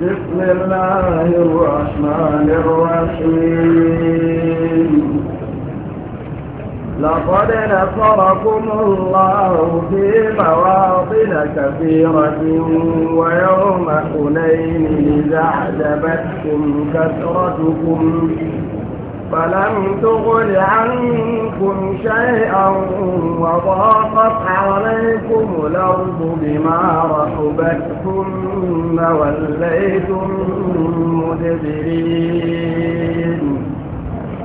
بسم الله الرحمن الرحيم لقد نصركم الله في مواطن كثيرة ويوم حنين إذا أعجبتكم كثرتكم فلم تغن عنكم شيئا وضاقت عليكم الأرض بما رحبت ثم وليتم مدبرين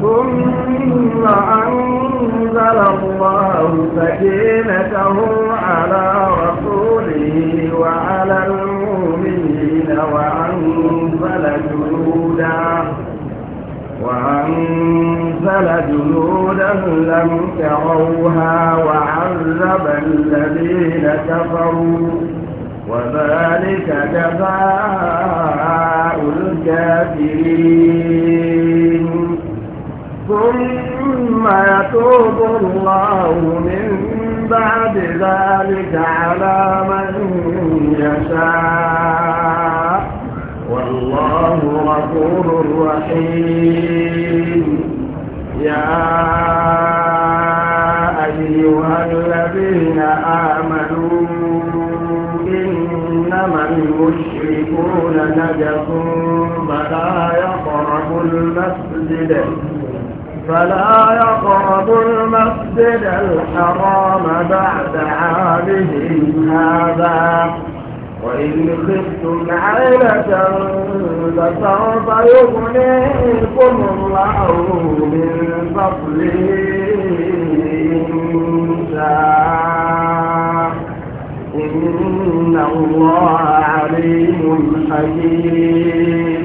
ثم أنزل الله سكينته على رسوله وعلى المؤمنين وأنزل جنوداً وأنزل جنودا لم تروها وعذب الذين كفروا وذلك جزاء الكافرين ثم يتوب الله من بعد ذلك على من يشاء الله غفور رحيم يا أيها الذين آمنوا إنما المشركون نجس فلا يقرب المسجد فلا يقربوا المسجد الحرام بعد عامهم هذا وإن خفتم عيلة فسوف يغنيكم الله من فضله إن شاء إن الله عليم حكيم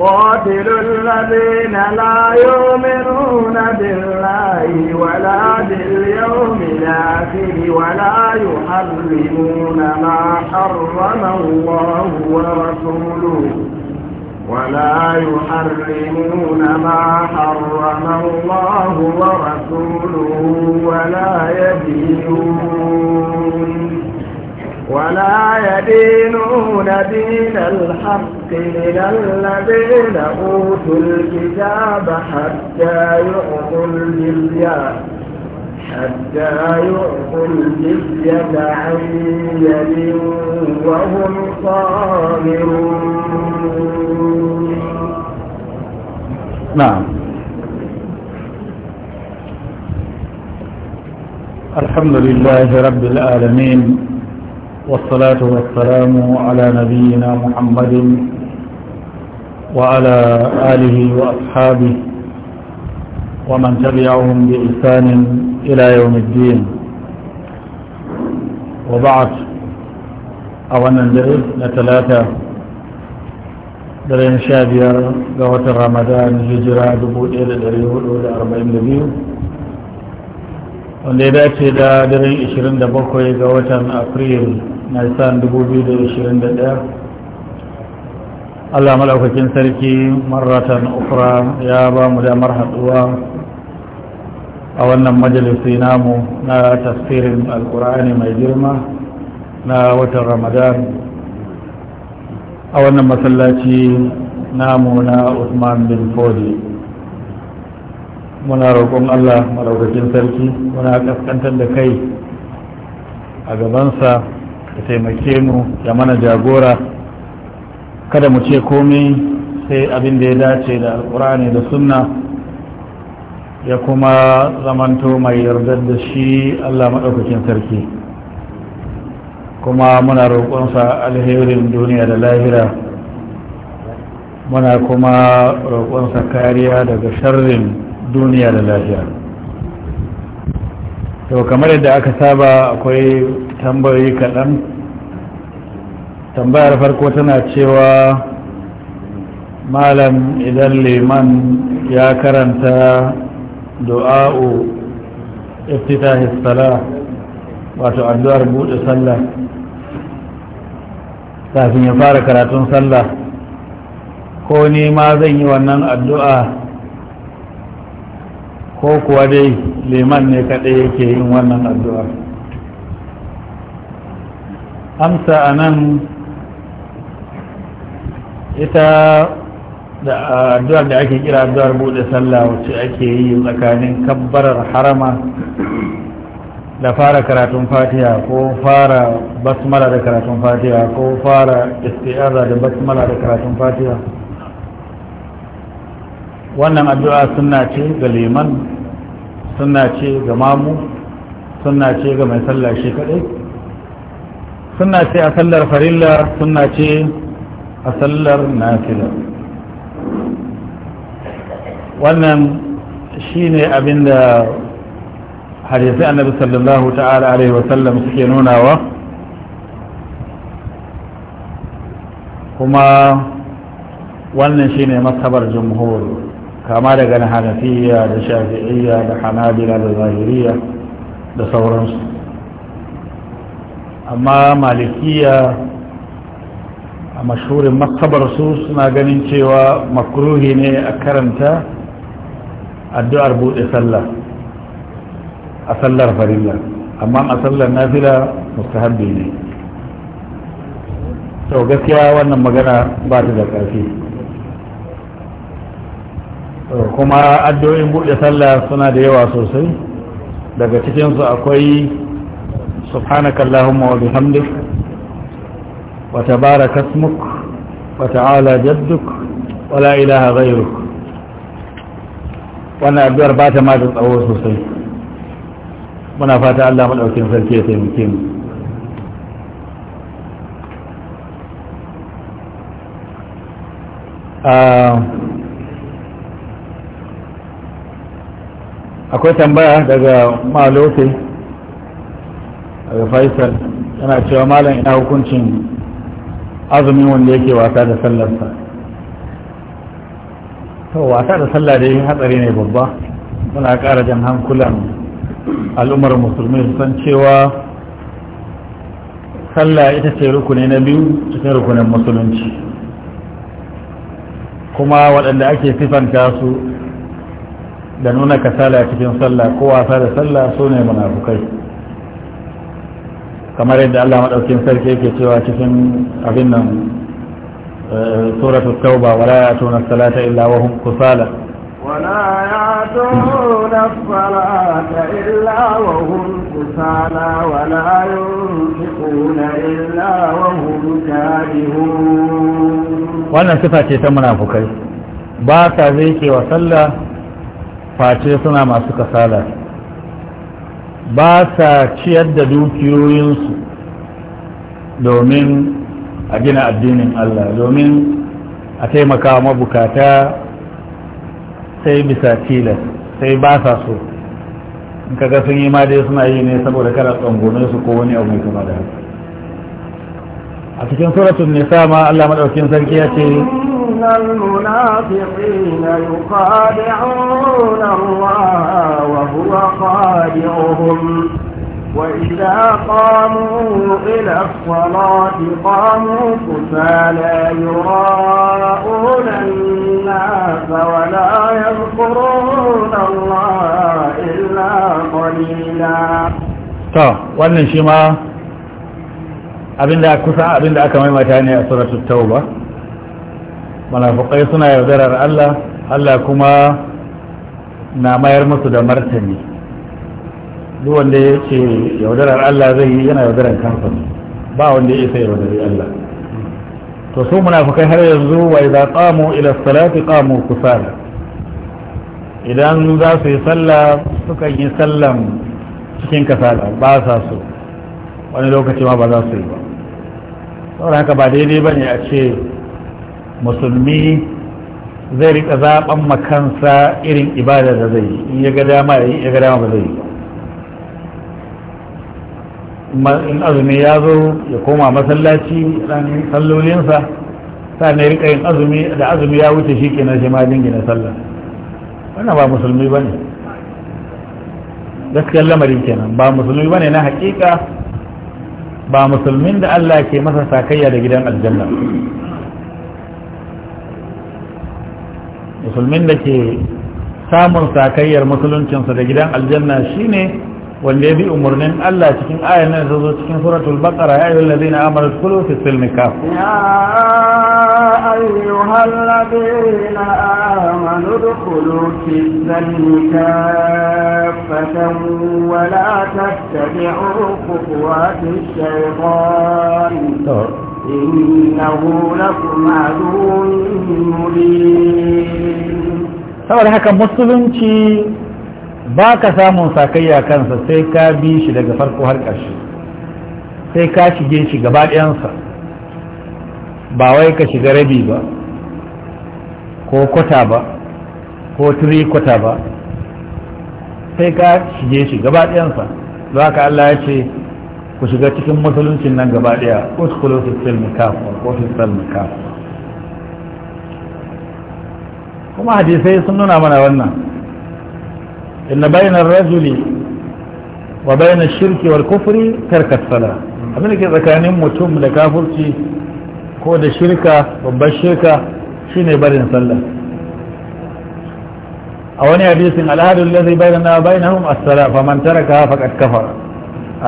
قاتلوا الذين لا يؤمنون بالله ولا باليوم الآخر ولا يحرمون ما حرم الله ورسوله ولا يحرمون ما حرم الله ورسوله ولا يدينون ولا يدينون دين الحق من الذين أوتوا الكتاب حتى يعطوا الجزية حتى يعطوا الجزية عن يد وهم صابرون نعم الحمد لله رب العالمين والصلاة والسلام على نبينا محمد وعلى آله وأصحابه ومن تبعهم بإحسان إلى يوم الدين وبعد أولا نجد لثلاثة درين شابير قوة رمضان هجرة دبو إلى دريو الأولى أربعين دبيو وندي بأكيدا درين إشرين دبوكوي قوة أبريل nisan 2021 allah malaukakin sarki maratan ukra ya ba mu damar haɗuwa a wannan majalisi namu na tafsirin Alƙur'ani mai girma na watan ramadan a wannan masallaci namu na usman bin fodi muna roƙon allah malaukakin sarki muna kaskantar da kai a gabansa ka taimake mu da mana jagora kada mu ce komai sai abin da ya dace da alkur'ani da sunna ya kuma zamanto mai yardar da shi allah maɗaukakin sarki kuma muna roƙonsa alherin duniya da lahira muna kuma roƙonsa kariya daga sharrin duniya da lahira to kamar yadda aka saba akwai tambayoyi kaɗan tambayar farko tana cewa malam idan liman ya karanta du'a'u iftitahi sala wato addu'ar buɗe sallah kafin ya fara karatun sallah ko ni ma zan yi wannan addu'a ko kuwa dai liman ne kaɗai yake yin wannan addu'a amsa a nan ita da addu'ar da ake kira addu'ar buɗe sallah wacce ake yi tsakanin kabbarar harama da fara karatun fatiha ko fara basmala da karatun fatiha ko fara isti'aza da basmala da karatun fatiha wannan addu'a suna ce ga liman suna ce ga mamu suna ce ga mai sallah shi kaɗai suna ce a sallar farilla suna ce a sallar nafila wannan shi ne abin da hadisai annabi sallallahu ta'ala alaihi wasallam suke nunawa kuma wannan shi ne matsabar jumhur kama daga na hanafiya da shafi'iyya da hanabila da zahiriya da sauransu amma malikiya a mashhurin makabarsu suna ganin cewa makruhi ne a karanta addu'ar buɗe sallah a sallar farilla amma a sallar nafila mustahabbi ne sau gaskiya wannan magana ba ta da ƙarfi kuma addu'o'in buɗe sallah suna da yawa sosai daga cikinsu akwai subhanaka Allahumma wa bihamdik wa tabaraka ismuk wa ta'ala jadduk wa la ilaha ghayruk wannan addu'ar ba ta ma da tsawo sosai muna fata Allah madaukin sarki ya taimake mu a ah, akwai tambaya daga malote daga faisal yana cewa malam ina hukuncin azumin wanda yake wasa da sallarsa to wasa da sallah dai hatsari ne babba muna kara jan hankulan al'ummar musulmi san cewa sallah ita ce rukuni na biyu cikin rukunin musulunci kuma waɗanda ake sifanta su da nuna kasala cikin sallah ko wasa da sallah su ne munafukai kamar yadda Allah maɗaukin sarki yake cewa cikin abin nan eh, suratul tauba wala yatuna salata illa wa hum kusala wala yatuna salata illa wa hum kusala wala yunfiquna illa wa hum kadihun wannan sifa ce ta munafukai ba sa zai ke wa sallah face suna masu kasala ba sa ciyar da dukiyoyinsu domin a gina addinin Allah domin a taimaka mabukata sai bisa tilas sai ba sa so in kaga sun yi ma dai suna yi ne saboda kada tsangone su ko wani abu mai kama da haka a cikin suratun nisa ma Allah madaukin sarki ya ce المنافقين يخادعون الله وهو خادعهم وإذا قاموا إلى الصلاة قاموا كسالى يراءون الناس ولا يذكرون الله إلا قليلا. طيب وأنا شيما abinda kusa abinda aka maimaita ne a suratul tauba munafukai suna yaudarar Allah Allah kuma na mayar musu da martani duk wanda ya ce yaudarar Allah zai yi yana yaudarar kansa ba wanda ya isa yaudari Allah to su munafukai har yanzu wa idza qamu ila salati qamu kusala idan za su yi sallah sukan yi sallan cikin kasala ba sa so wani lokaci ma ba za su yi ba saboda haka ba daidai ba ne a ce musulmi zai rika zaɓen makansa irin ibada da zai yi ya ga dama ya yi ya ga dama ba zai yi in azumi ya zo ya koma masallaci ɗan sallolinsa sannan ya rika yin azumi da azumi ya wuce shi kenan shi ma dingina sallah wannan ba musulmi ba ne gaskiyar lamarin kenan ba musulmi ba ne na hakika ba musulmin da Allah ke masa sakayya da gidan aljanna musulmin da ke samun sakayyar musuluncinsa da gidan aljanna shine wanda ya bi umarnin Allah cikin ayan nan zo cikin suratul baqara ya ayyuhal ladina amanu kullu fi silmi kaf ya ayyuhal ladina amanu kulu fi silmi kafatan wa la tattabi'u khutuwati shaytan innahu lakum aduwwun mubin saboda haka musulunci ba ka samun sakayya kansa sai ka bi shi daga farko har ƙarshe sai ka shige shi gaba ɗayansa ba wai ka shiga rabi ba ko kwata ba ko turi kwata ba sai ka shige shi gaba ɗayansa za ka Allah ya ce ku shiga cikin musuluncin nan gaba ɗaya uskulu fi silmi kafa ko fi silmi kuma hadisai sun nuna mana wannan inna bainar rajuli wa bainar shirki wal kufri tarka sala abin da ke tsakanin mutum da kafurci ko da shirka babbar shirka shine barin sallah a wani hadisin al'adun lazai bayan na bayan hum assala fa man taraka faqad kafara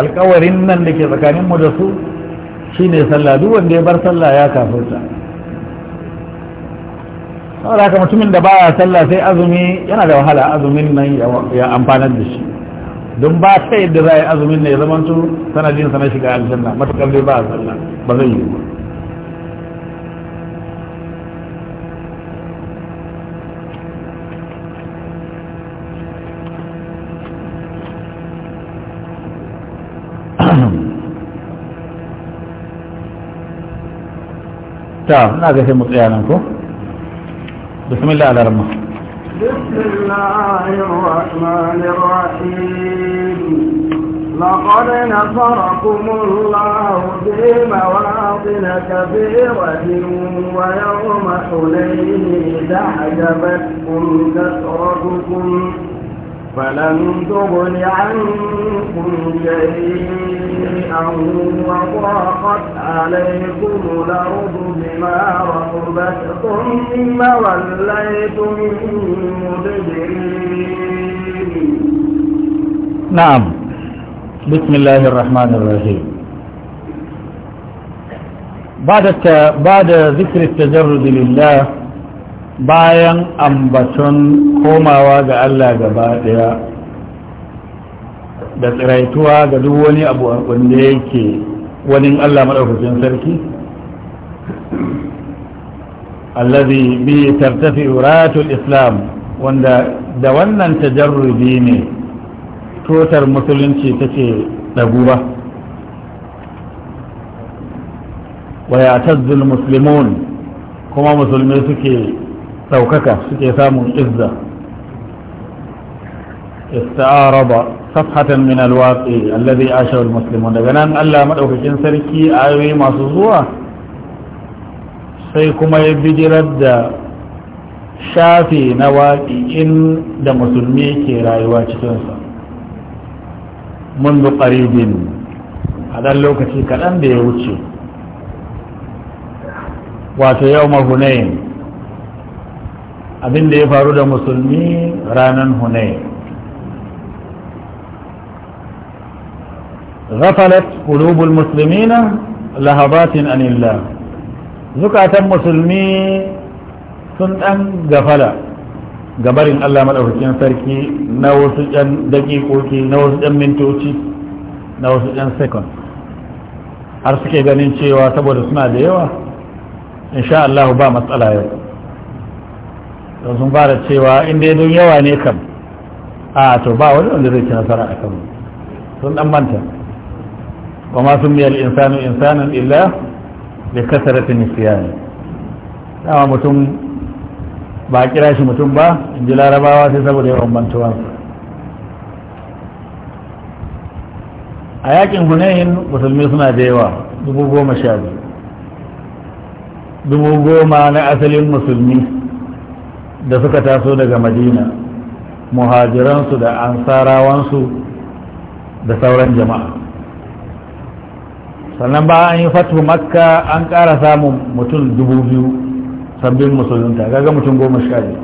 alƙawarin nan da ke tsakanin da su shine sallah duk wanda ya bar sallah ya kafirta saboda haka mutumin da baya sallah sai azumi yana da wahala azumin nan ya amfana da shi don ba ta yadda za a yi azumin ne ya zama tu jin sana shiga aljanna matakar dai ba a sallah ba zai yi ta na ga sai mu nan ko بسم الله على رمى بسم الله الرحمن الرحيم لقد نصركم الله في مواطن كبيرة ويوم حنين إذا كثرتكم فلم تغن عنكم شيئا وضاقت عليكم الأرض بما رحبت ثم وليتم مدبرين نعم بسم الله الرحمن الرحيم بعد بعد ذكر التجرد لله bayan ambaton komawa ga Allah gaba daya da tsiraituwa ga duk wani abu wanda yake wani Allah maɗaukakin sarki allazi bi tartafi uratul islam wanda da wannan tajarrubi ne totar musulunci take ɗaguba waya tazzul musulmun kuma musulmai suke ɗaukaka suke samun izza isti'araba safhatan من الواقع الذي عاشه المسلمون daga nan Allah madaukakin sarki ayoyi masu zuwa sai kuma ya bijirar da shafi na waƙi'in da musulmi ke rayuwa cikinsa sa ƙaribin a ɗan lokaci kaɗan da ya wuce wato yau mahunayin abin da ya faru da musulmi ranar Zafalat غفلت قلوب المسلمين لهبات عن zukatan musulmi sun سنن ga gabarin Allah madaukakin sarki na wasu ɗan daƙiƙoƙi na wasu ɗan mintoci na wasu ɗan sekon har suke ganin cewa saboda suna da yawa insha ba matsala yau don sun fara cewa inda ya don yawa ne kam a to ba wani wanda zai ci nasara a kan sun dan manta ba ma sun miyar insanu insanin illa da nisiya ne dama mutum ba kira shi mutum ba in ji larabawa sai saboda yawan mantuwa a yakin hunayin musulmi suna da yawa dubu goma sha biyu dubu goma na asalin musulmi da suka taso daga madina muhajiransu da ansarawansu da sauran jama'a sannan ba an yi fatu makka an ƙara samun mutum dubu biyu sabbin musulunta gaga mutum goma sha biyu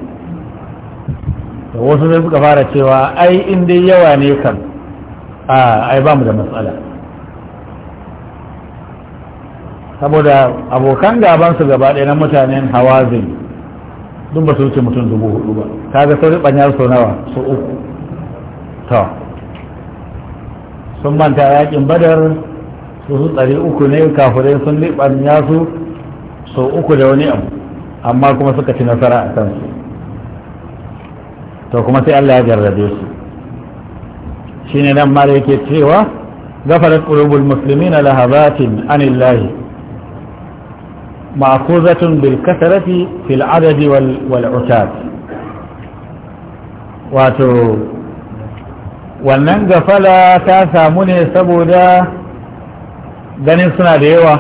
da wasu sai suka fara cewa ai in dai yawa ne kan a ai ba da matsala saboda abokan gabansu gaba ɗaya na mutanen hawazin Dun ba su wuce mutum dubu hudu ba ga sauri ribanya sau nawa su uku ta sun manta yakin badar su su tsari uku ne kafure sun ribanya su sau uku da wani abu amma kuma suka ci nasara a kansu to kuma sai Allah ya jarrabe su shine nan mara yake cewa gafarat qulubul muslimina lahabatin anillahi مأخوذة بالكثرة في العدد والعتاد واتو wannan gafala ta samu ne saboda ganin suna da yawa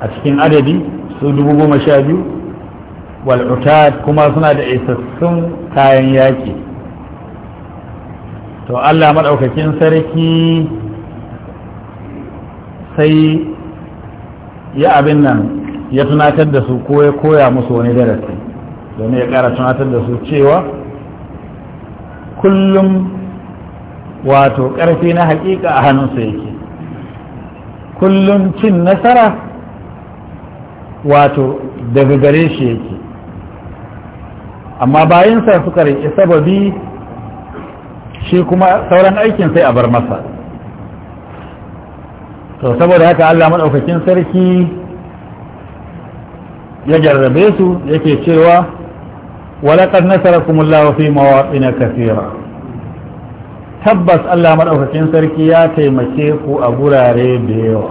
a cikin adadi su dubu goma sha biyu wal'utad kuma suna da isassun kayan yaƙi to allah maɗaukakin sarki sai ya abin nan ya tunatar da su ko ya koya musu wani darasi domin ya kara tunatar da su cewa kullum wato ƙarfi na haƙiƙa a hannunsa yake kullum cin nasara wato daga gare shi yake amma bayansa suka riƙe sababi shi kuma sauran aikin sai a bar masa to saboda haka Allah maɗaukakin sarki ya jarrabe su yake cewa walaƙar nasarakumullahu fi na kasira tabbas Allah maɗaukakin sarki ya taimake ku a gurare da yawa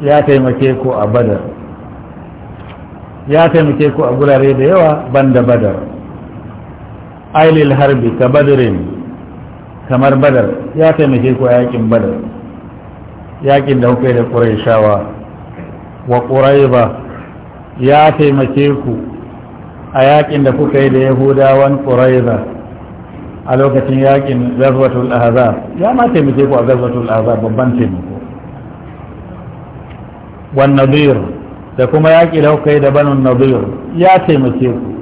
ya taimake ku a badar ya taimake ku a gurare da yawa banda badar ailil harbi ka badarin kamar badar ya taimake ku a yakin badar yakin da kuka da ƙuraishawa wa ƙuraiba ya taimake ku a yakin da kuka yi da yahudawan ƙuraiba a lokacin yakin gazwatul ahzab ya ma taimake ku a gazwatul ahzab babban taimako wan nadir da kuma yaƙi da kuka yi da banun nadir ya taimake ku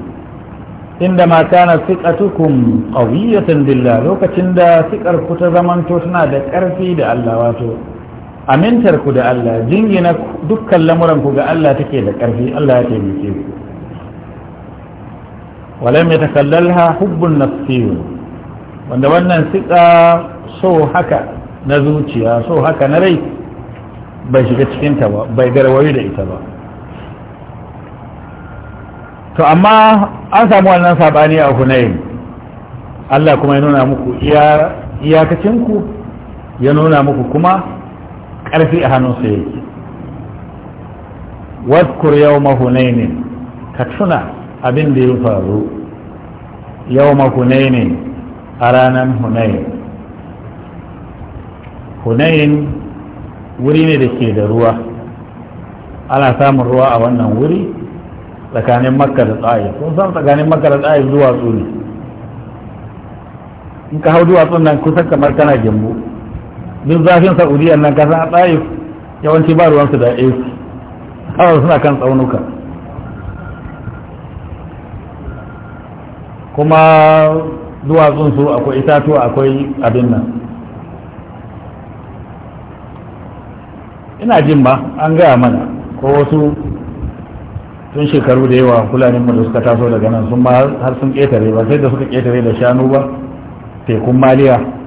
inda ma kana fiqatukum qawiyatan billah lokacin da fiqar ku ta zamanto tana da ƙarfi da Allah wato amintar ku da Allah jingina dukkan lamuran ku ga Allah take da ƙarfi Allah ya taimake ku walam ya takallalha hubbun nafsiyu wanda wannan sika so haka na zuciya so haka na rai bai shiga ta ba bai garwayi da ita ba to amma an samu wannan sabani a hunayin Allah kuma ya nuna muku ku ya nuna muku kuma ƙarfi a hannunsa yake wadkur yau mahunainin ka tuna abin da ya faru yau mahunainin a ranar hunain hunain wuri ne da ke da ruwa ana samun ruwa a wannan wuri tsakanin makka da tsaye kun san tsakanin makka da tsaye duwatsu ne in ka hau duwatsun nan kusan kamar kana gembu duk zafin saudiyan nan kasa a tsaye yawanci ba ruwansu da ac kawai suna kan tsaunuka kuma duwatsun su akwai itatuwa akwai abin nan ina jin ba an gaya mana ko wasu tun shekaru da yawa fulanin da suka taso daga nan sun ma har sun ƙetare ba sai da suka ƙetare da shanu ba tekun maliya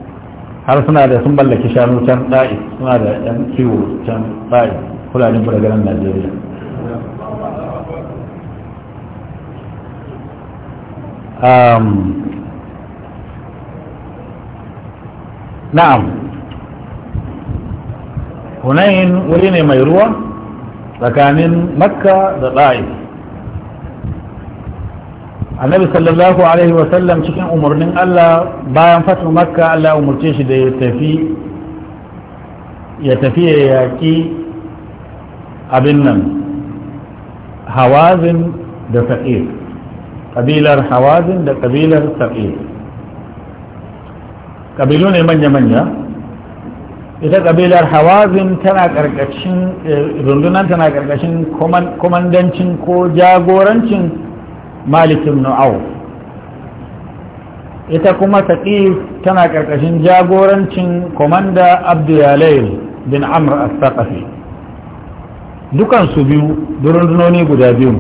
har suna da sun mallaki shanu can ɗa'i suna da ɗan kiwo can ɗa'i kulanin burgaren najeriya na'am hunayin wuri ne mai ruwa tsakanin makka da ɗa'i annabi sallallahu alaihi wasallam cikin umarnin Allah bayan fatu makka Allah umarce shi da ya tafi ya tafi ya yaƙi abin nan hawazin da sa'ir ƙabilar hawazin da ƙabilar sa'ir ƙabilu ne manya-manya ita ƙabilar hawazin tana ƙarƙashin eh, rundunan tana ƙarƙashin komandancin ko jagorancin malik ibn auf ita kuma taqif tana karkashin jagorancin komanda Abdullahi bin amr as-saqafi dukan su biyu durundunoni guda biyu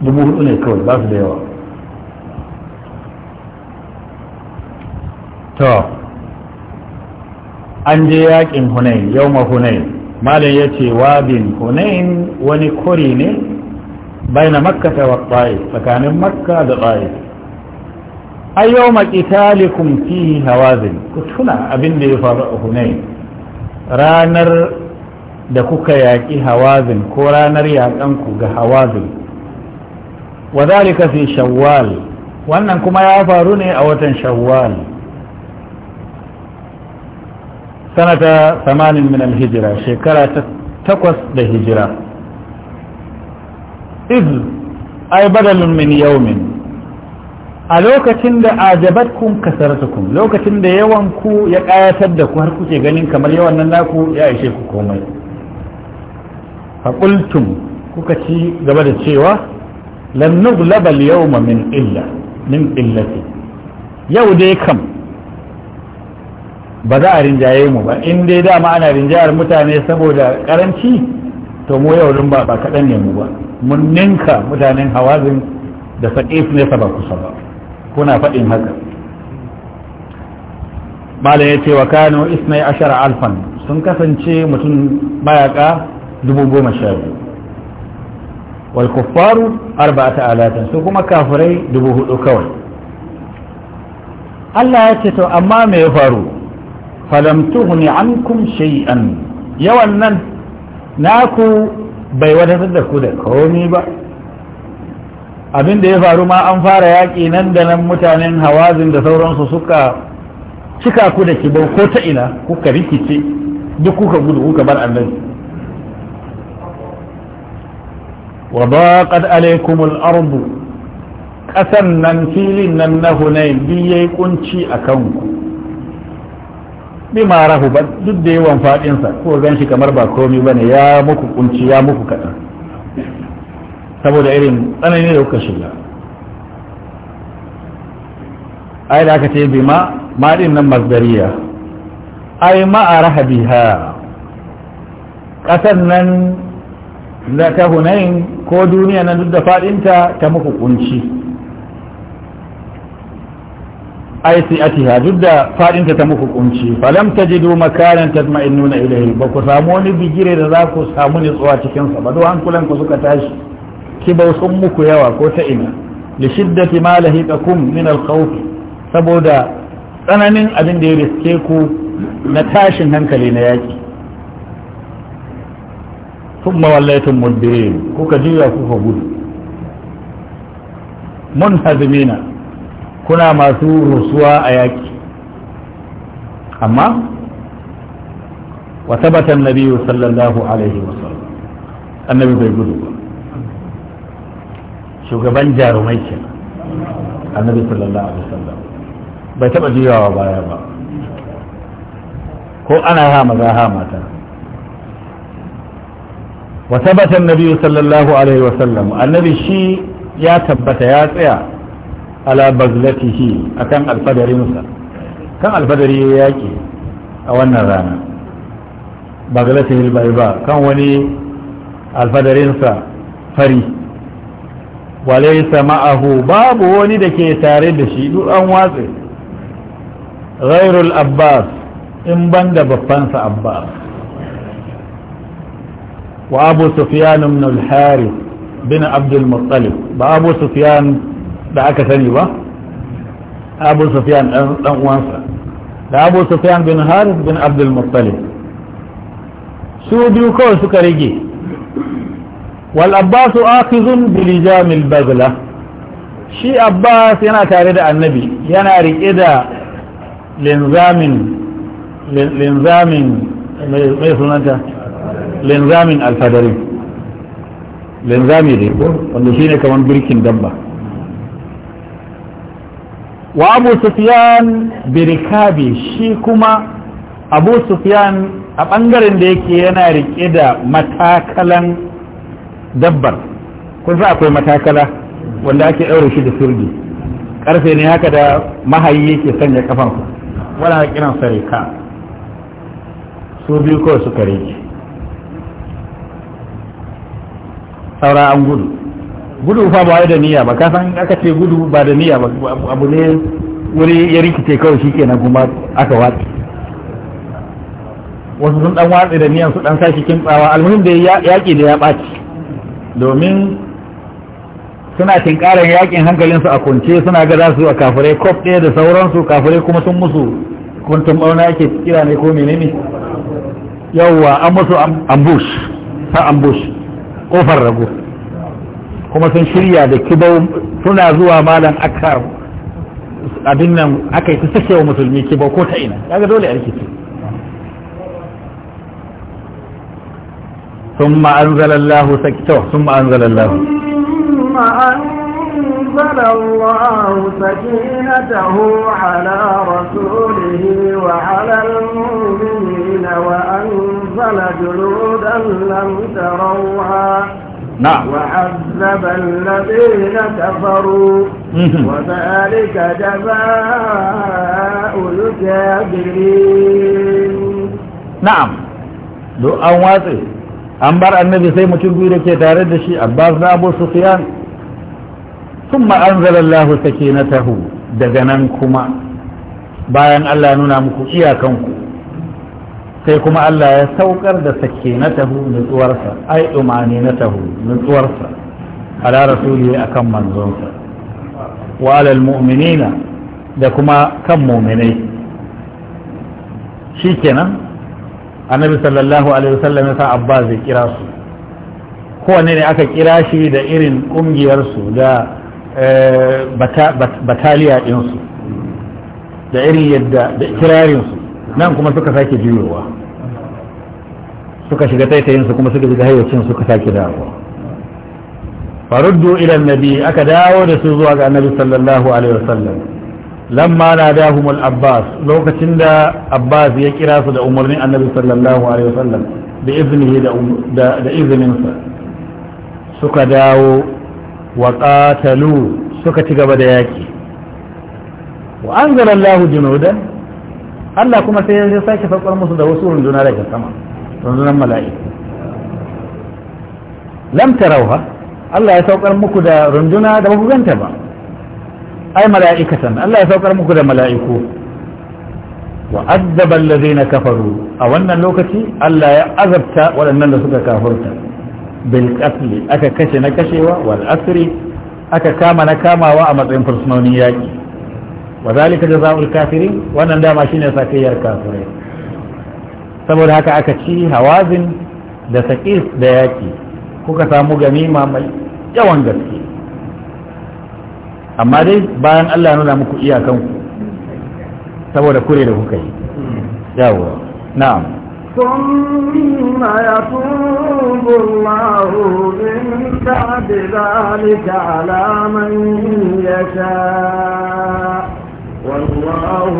dubu hudu ne kawai ba su da yawa to an je yakin hunain yau ma hunain malin ya ce wabin hunain wani kuri ne baina makkata wa ta'if tsakanin makka da ta'if a yawma qitalikum fi hawazin ku tuna abin da ya faru a hunain ranar da kuka yaƙi hawazin ko ranar yaƙanku ga hawazin wa zalika fi shawwal wannan kuma ya faru ne a watan shawwal sanata samanin nan hijira, shekara ta da hijira iz ay badalun min yawmin a lokacin da ajabatkum kasaratukum lokacin da yawan ku ya kayatar da ku har kuke ganin kamar yawan nan naku ya ishe ku komai qultum kuka ci gaba da cewa lan nuglaba al-yawma min illa min illati yau dai kam ba za a rinjaye mu ba in dai dama ana rinjayar mutane saboda karanci to mu yau ba ba kaɗan ne mu ba mun ninka mutanen hawazin da saƙif ne ba kusa ba kuna faɗin haka bala ya ce wa kano isnai ashara alfan sun kasance mutum mayaka dubu goma sha biyu wal kuffaru arba'ata alatan su kuma kafirai dubu hudu kawai Allah ya ce to amma me ya faru falam an ankum shay'an yawan nan na ku. bai wadatar da ku da komi ba abin da ya faru ma an fara yaƙi nan da nan mutanen hawazin da sauransu suka cika ku da kibar ko ta ina kuka rikice duk kuka gudu kuka bar annabi wa daqat alaykum al-ard kasan nan filin nan na hunain bi yayi kunci akan ku bima ba duk da yawan faɗinsa, ko gan shi kamar ba komi bane ya muku kunci ya muku kaɗan saboda irin tsanani da kuka shiga ai da aka ce bima ma din nan masdariya ai ma a rahabiha Kasan nan da ta hunayin ko duniya nan duk da faɗinta ta muku kunci aisiatiha duk da fadinta ta muku kunci falam tajidu makanan tatma'innuna ilayhi ba ku samu wani bigire da za ku samu nutsuwa cikin sa ba duk hankulan ku suka tashi ki sun muku yawa ko ta ina li shiddati ma lahiqakum min al-khawf saboda tsananin abin da ya riske ku na tashin hankali na yaki thumma wallaytum mudbirin kuka juya kuka gudu munhazimina kuna masu rusuwa a yaki amma wa tabata annabi sallallahu alaihi wasallam annabi bai gudu ba shugaban jarumai ke annabi sallallahu alaihi wasallam bai taba juyawa baya ba ko ana ha maza ha mata wa tabata annabi sallallahu alaihi wasallam annabi shi ya tabbata ya tsaya ala bazlatihi akan alfadarinsa kan alfadari ya a wannan rana bazlatihi ba kan wani alfadarinsa fari walaisa samaahu babu wani da ke tare da shi duk an watse ghairul abbas in da babbansa abbas wa abu sufyan ibn al-harith bin abd al-muttalib ba abu sufyan da aka sani ba abu sufiyan dan uwansa da abu sufiyan bin haris bin abdul muttalib su biyu kawai suka rage wal abbasu akhizun bi lijamil bagla shi abbas yana tare da annabi yana rike da linzamin linzamin mai sunanta linzamin alfadari linzami ne wanda shine kamar birkin dabba wa abu sufiyan birkabi shi kuma abu sufiyan a ɓangaren da yake yana riƙe da matakalan dabbar kun za akwai matakala wanda ake ɗaure shi da surgi karfe ne haka da mahayi yake sanya kafan ku wala kiran sa su biyu kawai suka rike saura an gudu gudu fa ba da niyya ba kasan aka ce gudu ba da niyya ba abu ne wuri ya rikice kawai shi kenan kuma aka watsi wasu sun dan watsi da niyan su dan kin kintsawa almuhim da yaki da ya ɓaci domin suna tinkarin yaƙin hankalinsu a kunce suna ga su a kafirai kof ɗaya da sauransu kafirai kuma sun musu kuntun bauna yake kira ne ko menene yawwa an musu ambush ta ambush kofar ragu. kuma sun shirya da kibau suna zuwa malam aka abin nan aka yi ta wa musulmi kibau ko ta ina kaga dole a rikici sun أنزل الله سكته ثم أنزل الله أنزل الله سكينته على رسوله وعلى المؤمنين وأنزل جنودا لم تروها نعم وعذب الذين كفروا وذلك an bar annabi sai mutum biyu da ke tare da shi abbas na abu sufiyan sun na sakinatahu daga nan kuma bayan allah nuna muku iyakanku sai kuma Allah ya saukar da na sakinatahu nutsuwarsa ai na umaninatahu nutsuwarsa ala rasuli kan manzonsa wa alal mu'minina da kuma kan mu'minai Shi shikenan annabi sallallahu alaihi wasallam ya sa abba zai kira su kowanne ne aka kira shi da irin kungiyarsu da eh, bataliya ɗinsu da irin yadda da kirarinsu nan kuma suka sake juyowa suka shiga taitayin su kuma suka shiga hayyacin suka sake dawo faruddu ilan nabi aka dawo da su zuwa ga annabi sallallahu alaihi wasallam lamma na al-abbas lokacin da abbas ya kira su da umarnin annabi sallallahu alaihi wasallam da iznihi da um-, da sa suka dawo wa qatalu suka ci gaba da yaki wa anzalallahu Allahu junudan Allah kuma sai ya sake fakar musu da wasu runduna daga sama rundunar mala'iku lamta rauha Allah ya saukar muku da runduna da baku ganta ba ai mala'ikatan Allah ya saukar muku da mala'iku wa azzaba na kafaru a wannan lokaci Allah ya azabta waɗannan da suka kafurta bil aka kashe na kashewa wal asiri aka kama na kamawa a matsayin fursunonin yaƙi wa zalika jazaa'ul kafirin wannan dama shine sakayyar kafirai saboda haka aka ci hawazin da saƙis da yaƙi kuka samu ganima mai yawan gaske amma dai bayan Allah nuna muku iyakanku saboda kure da kuka yi yawo na'am ثم يتوب الله من بعد ذلك على من يشاء والله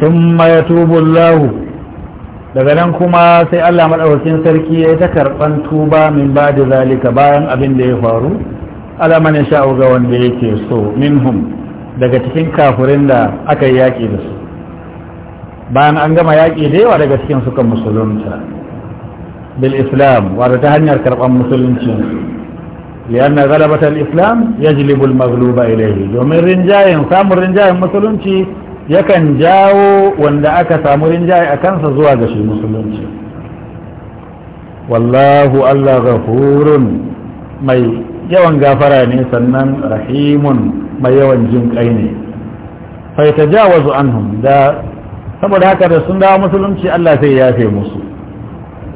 thumma yatubu Allah daga nan kuma sai Allah madaukakin sarki ya ta karban tuba min ba'da zalika bayan abin da ya faru ala man yasha ga wanda yake so minhum daga cikin kafirin da aka yi yaƙi da su bayan an gama yaki da yawa daga cikin suka musulunta bil islam wato ta hanyar karɓar musulunci liyan na galabatar islam ya jilibul magluba ilaihi domin rinjayen samun rinjayen musulunci yakan jawo wanda aka samu rinjaye a kansa zuwa ga shi musulunci wallahu allah ghafurun mai yawan gafara ne sannan rahimun mai yawan jin kai ne fai ta wasu an da saboda haka da sun dawo musulunci allah sai ya yafe musu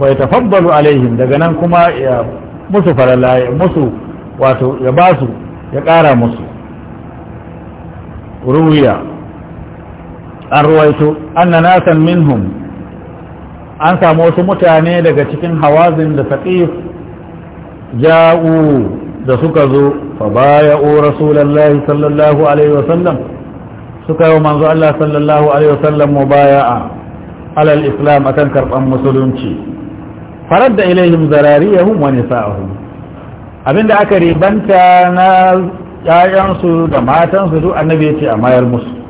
wai ta fabbalu alaihim daga nan kuma ya musu farala ya musu wato ya basu ya kara musu ruwiya an ruwaito anna nasan minhum an samu wasu mutane daga cikin hawazin da saqif ja'u da suka zo fa bay'u rasulullahi sallallahu alaihi wasallam suka yi manzo Allah sallallahu alaihi wasallam mubaya'a alal islam akan karban musulunci faradda ilaihim zarariyahum wa nisa'ahum abinda aka ribanta na yayan su da su duk annabi ya ce a mayar musu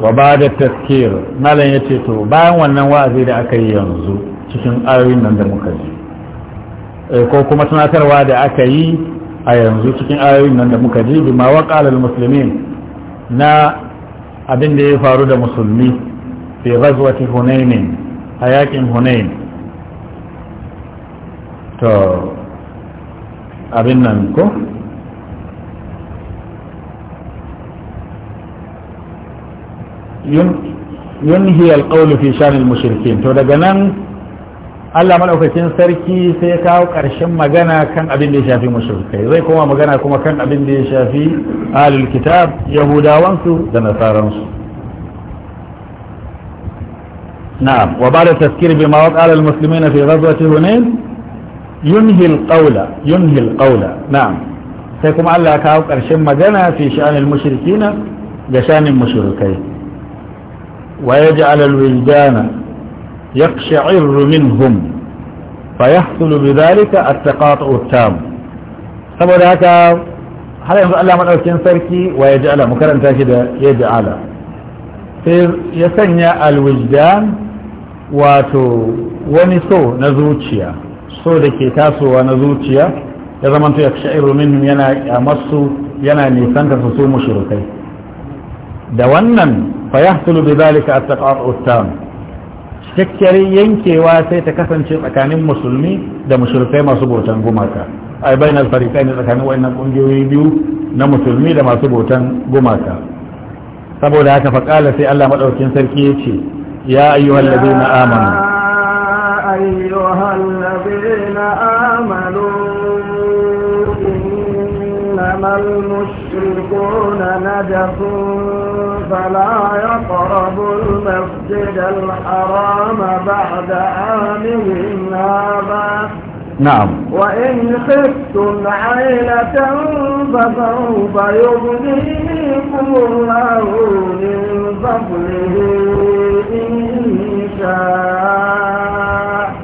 wa da taskir malam ya ce to bayan wannan wa'azi da aka yi yanzu cikin ayoyin nan da muka ji eh, ko kuma tunatarwa da aka yi a yanzu cikin ayoyin nan da muka ji bi ma waqala muslimin na abin da ya faru da musulmi fi ghazwati hunain a yakin hunain to abin nan ko ينهي القول في شان المشركين تو دغان الله مالوكين سركي سي كاو قرشن مغانا كان ابين دي شافي مشركين زي كوما مغانا كوما كان ابين دي شافي اهل الكتاب يهودا وانسو ده نعم وبعد التذكير بما وقع على المسلمين في غزوة هنين ينهي القول ينهي القول نعم سيكم الله كاو قرشن مغانا في شان المشركين بشان المشركين ويجعل الولدان يقشعر منهم فيحصل بذلك التقاطع التام سبب هكا har yanzu Allah madaukakin sarki wa ya ja'ala mu karanta shi da ya ja'ala sai ya sanya alwijdan wato wani so na zuciya so da ke tasowa na zuciya ya zama to ya sha'iru minhum yana kyamar yana nisanta su su mushrikai da wannan fa yahsulu bidhalika at-taqaṭu at-tam cikakkiyar yankewa sai ta kasance tsakanin musulmi da mushrikai masu bautan gumaka ai bainal fariqaini tsakanin wayannan kungiyoyi biyu na musulmi da masu bautan gumaka saboda haka fa qala sai Allah madaukin sarki yace ya ayyuhal ladina na amana. ladina amanu إنما المشركون نجس فلا يقربوا المسجد الحرام بعد عامهم هذا نعم وإن خفتم عيلة فسوف يغنيكم الله من فضله إن شاء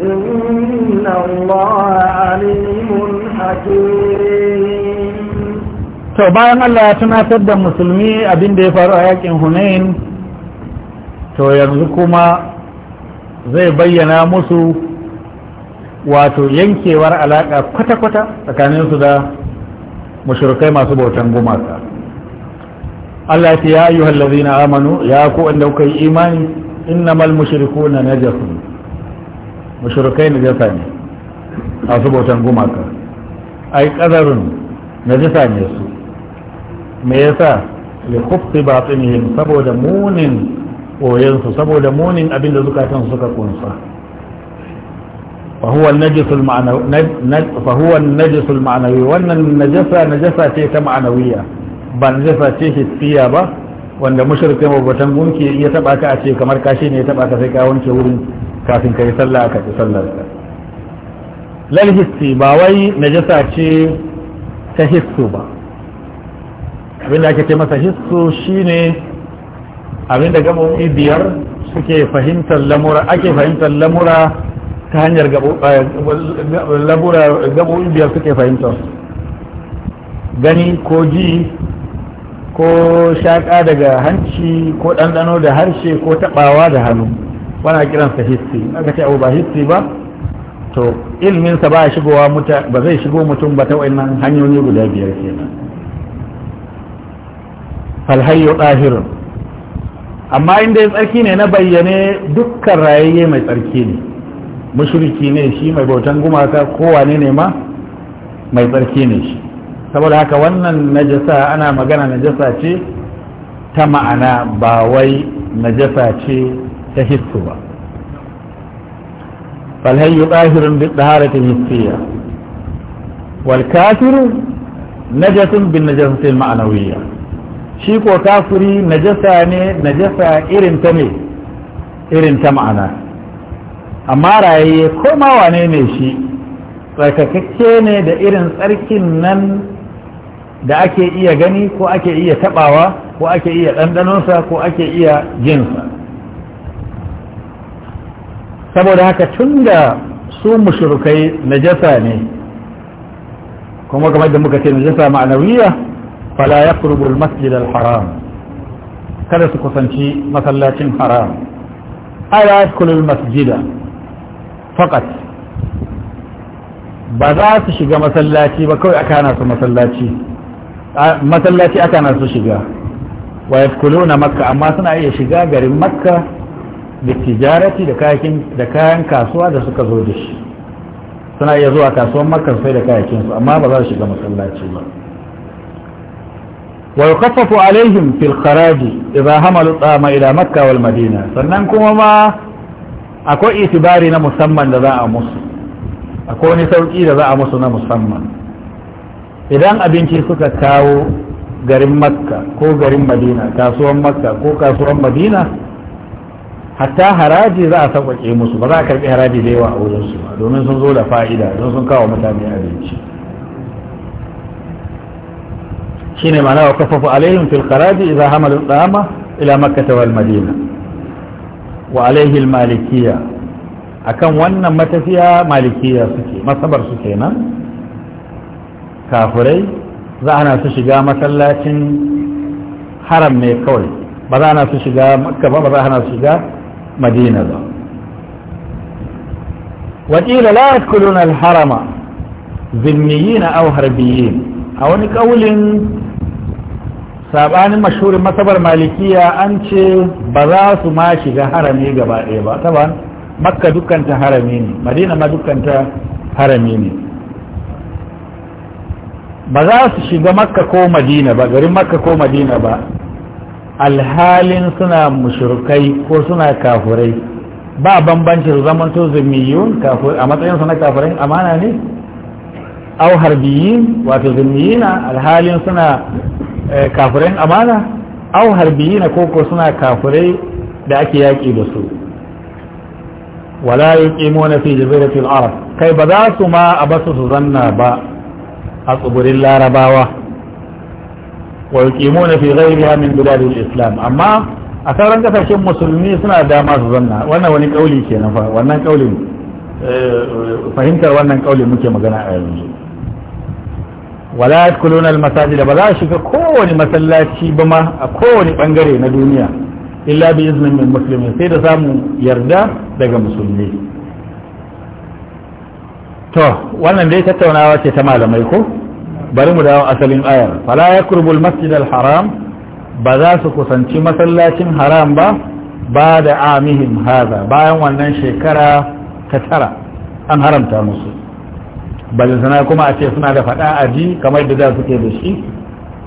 إن الله عليم حكيم to bayan Allah ya tunatar da musulmi abin da ya faru a yakin Hunain to yanzu kuma zai bayyana musu wato yankewar alaka kwata-kwata tsakanin su da mushrikai masu bautan gumaka Allah ya yi na amanu ya ku wanda kuka yi imani innamal mushrikuna najasun mushrikai jasa ne masu bautan gumaka ai na najasa ne su me yasa li khuffi batinihim saboda munin su saboda munin abinda zukatan suka kunsa fa huwa an-najis al-ma'nawi wannan najasa najasa ce ta ma'anawiya ba najasa ce hissiya ba wanda mushrikai mabatan gunki ya taba ka a ce kamar kashi ne ya taba ka sai ka wanke wurin kafin ka yi sallah ka ci sallar ka lal hissi ba wai najasa ce ta hissu ba abinda ake ce masa hissu shine abinda gabobi biyar suke fahimtar lamura ake fahimtar lamura ta hanyar gabobi eh, biyar suke fahimtar gani ko ji ko shaƙa daga hanci ko ɗanɗano da harshe ko taɓawa da hannu wana kiransa hissi aka ce abu ba hissi ba to ilminsa ba shigowa ba zai shigo mutum ba ta wa'annan hanyoyi guda biyar kenan falhayyu ɗahirin amma inda ya tsarki ne na bayyane dukkan rayayye mai tsarki ne mashirki ne shi mai bautan gumaka kowane ne ma mai tsarki ne shi saboda haka wannan najasa ana magana najasa ce ta ma'ana ba wai najasa ce ta hissu ba falhayyu ɗahirun bi ɗaharatin hissiya wal kafiru najasin bin najasatin ma'anawiyya shi ko kafiri najasa ne najasa irin ta ne irin ta ma'ana amma raye ko ma wane ne shi tsarkakakke ne da irin tsarkin nan da ake iya gani ko ake iya tabawa ko ake iya ɗanɗanonsa ko ake iya jinsa saboda haka tun da su mushrikai najasa ne kuma kamar da muka ce najasa ma'anawiya fala ya kurbul masjid haram kada su kusanci masallacin haram ala kulul masjida fakat ba za su shiga masallaci ba kawai aka hana su masallaci masallaci aka hana su shiga wa yadkhuluna makka amma suna iya shiga garin makka da tijarati da kayan da kayan kasuwa da suka zo da shi suna iya zuwa kasuwar makka sai da kayakin su amma ba za su shiga masallaci ba ويخفف عليهم في الخراج إذا هملوا الطعام إلى مكة والمدينة فننكم ما أكو إتبارنا مسمى لذا أمس أكو نسوكي لذا أمسنا مسمى إذن أبنتي سكا كاو garin makka ko garin madina kasuwan makka ko kasuwan madina hatta haraji za a sauƙaƙe musu ba za a karɓi haraji da yawa a su ba domin sun zo da fa'ida don sun kawo mutane abinci shine ma'ana wa kafafu alaihim fil qaraji idza hamalu dama ila makkah wal madina wa alaihi al malikiyya akan wannan matafiya malikiya suke masabar su kenan kafirai za ana su shiga masallacin haram ne kawai ba za ana su shiga makka ba ba za ana su shiga madina ba wakila la yadkhuluna al-harama zimmiyina aw harbiyin a wani kaulin sabanin mashhurin masabar malikiya an ce ba za su ma shiga harami gaba ɗaya ba ba makka dukkanta harami ne madina ma dukkanta harami ne ba za su shiga makka ko madina ba garin makka ko madina ba alhalin suna mushurkai ko suna kafurai ba bambancin zamanto zumiyun a matsayin suna kafurai amana ne au harbiyin wato zimmiyina alhalin suna eh, kafirin amana au harbiyina koko suna kafirai da ake yaƙi da su wala na fi jazirati al-arab kai ba za su ma a basu su zanna ba a tsibirin larabawa wa na fi ghayriha min bilad al-islam amma a sauran kasashen musulmi suna dama su zanna wannan wani kauli kenan fa wannan ƙaulin, eh, fahimtar wannan kaulin muke magana a yanzu wala yadkhuluna al da ba za shiga kowane masallaci ba ma a kowane bangare na duniya illa bi izinin min sai da samu yarda daga musulmi to wannan dai tattaunawa ce ta malamai ko bari mu dawo asalin ayar fala yaqrubul masjid haram ba za su kusanci masallacin haram ba ba da amihim haza bayan wannan shekara ta tara an haramta musu balantana kuma a ce suna da faɗa a ji kamar da za su da shi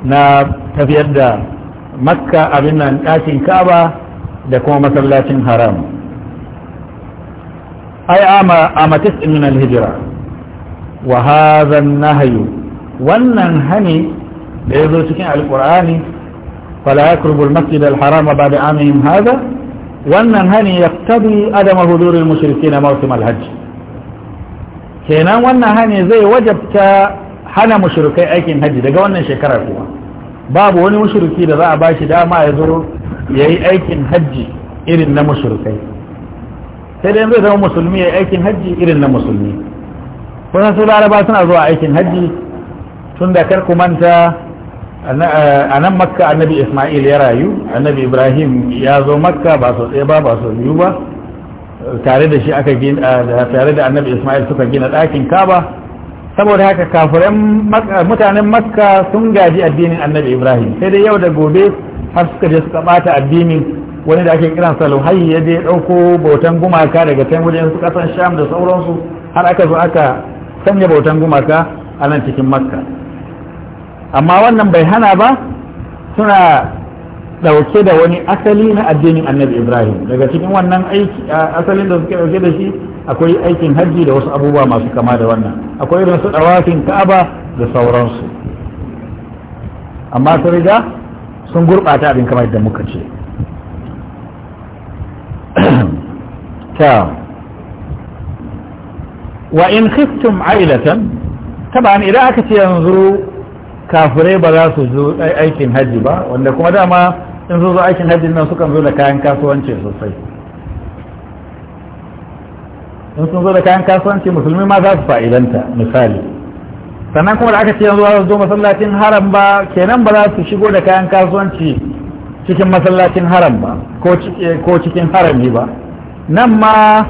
na tafiyar da makka abin nan ɗakin kaba da kuma masallacin haram ai ama tis'in min al-hijra wa hadha wannan hani da yazo cikin alqur'ani fala yaqrubu al-masjid al-haram ba'da amihim haza? wannan hani yaqtadi adama hudur al na mawsim al kenan wannan hane zai wajabta hana mushrikai aikin haji daga wannan shekarar kuma babu wani mushriki da za a bashi dama ya zo yayi aikin haji irin na mushrikai sai dai zai zama musulmi ya aikin hajji irin na musulmi kusan su laraba suna zuwa aikin hajji tun da kar manta a nan makka annabi ismail ya rayu annabi ibrahim ya zo makka ba sau tsaye ba ba sau biyu ba tare da shi aka gina tare da annabi ismail suka gina ɗakin kaba saboda haka kafiran mutanen makka sun gaji addinin annabi ibrahim sai dai yau da gobe har suka je suka bata addinin wani da ake kiran saluhai ya je ɗauko bautan gumaka daga can wajen su kasan sham da sauransu har aka zo aka sanya bautan gumaka a nan cikin makka amma wannan bai hana ba suna Dauke da wani asali na addinin annabi ibrahim daga cikin wannan aiki asalin da suke dauke da shi akwai aikin hajji da wasu abubuwa masu kama da wannan akwai irin su ɗawafin ka'aba da sauransu amma su riga sun gurɓata abin kamar yadda muka ce wa in khiftum ailatan taban idan aka ce yanzu kafirai ba za su zo aikin hajji ba wanda kuma dama in zo zo aikin hajji nan sukan zo da kayan kasuwanci sosai in sun zo da kayan kasuwanci musulmi ma za su fa'idanta misali sannan kuma da aka ce yanzu za su zo masallacin haram ba kenan ba za su shigo da kayan kasuwanci cikin masallacin haram ba ko cikin harami ba nan ma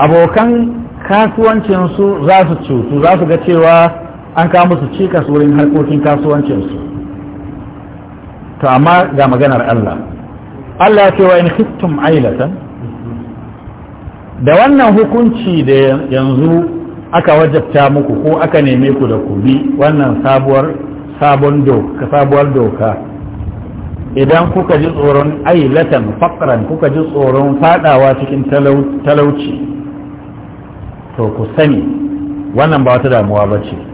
abokan kasuwancinsu za su cutu za su ga cewa an kawo musu cikas wurin harkokin kasuwancinsu to amma ga maganar Allah Allah ya ce wa in khiftum ailatan da wannan hukunci da yanzu aka wajabta muku ko aka neme ku da ku bi wannan sabuwar sabon doka sabuwar doka idan kuka ji tsoron ailatan fakran kuka ji tsoron fadawa cikin talauci to ku sani wannan ba wata damuwa ba ce